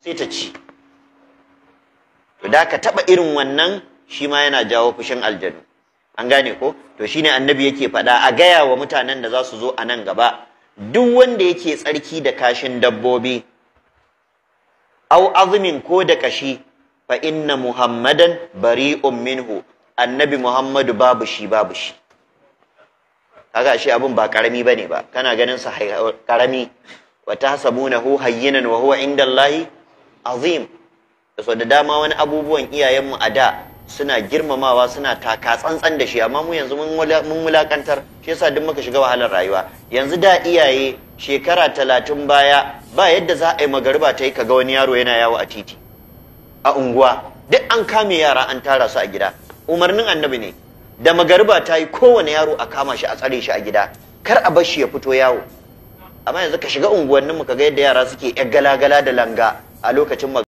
sai ta ci da ka taɓa irin wannan shi ma yana jawo fushin aljanu an gane ko to shine annabi yake faɗa a gaya wa mutanen da za su zo a nan gaba duk wanda yake tsarki da kashin dabbobi au azumin ko da kashi fa inna muhammadan bari minhu annabi muhammadu babu shi babu shi kaga shi abin ba karami bane ba kana ganin sa karami wa tahsabunahu hayyinan wa huwa indallahi azim da so da dama wani abubuwan iyayenmu a da suna girmamawa suna taka tsantsan da shi amma mu yanzu mun mulakantar shi yasa duk muka shiga wahalar rayuwa yanzu da iyaye shekara talatin baya ba yadda za a yi magariba ta yi kaga wani yaro yana yawo a titi a unguwa duk an kame yara an tara su a gida umarnin annabi ne da magariba ta yi kowane yaro a kama shi a tsare shi a gida kar a bar shi ya fito yawo amma yanzu ka shiga unguwannin mu kaga yadda yara suke yar gala-gala da langa a lokacin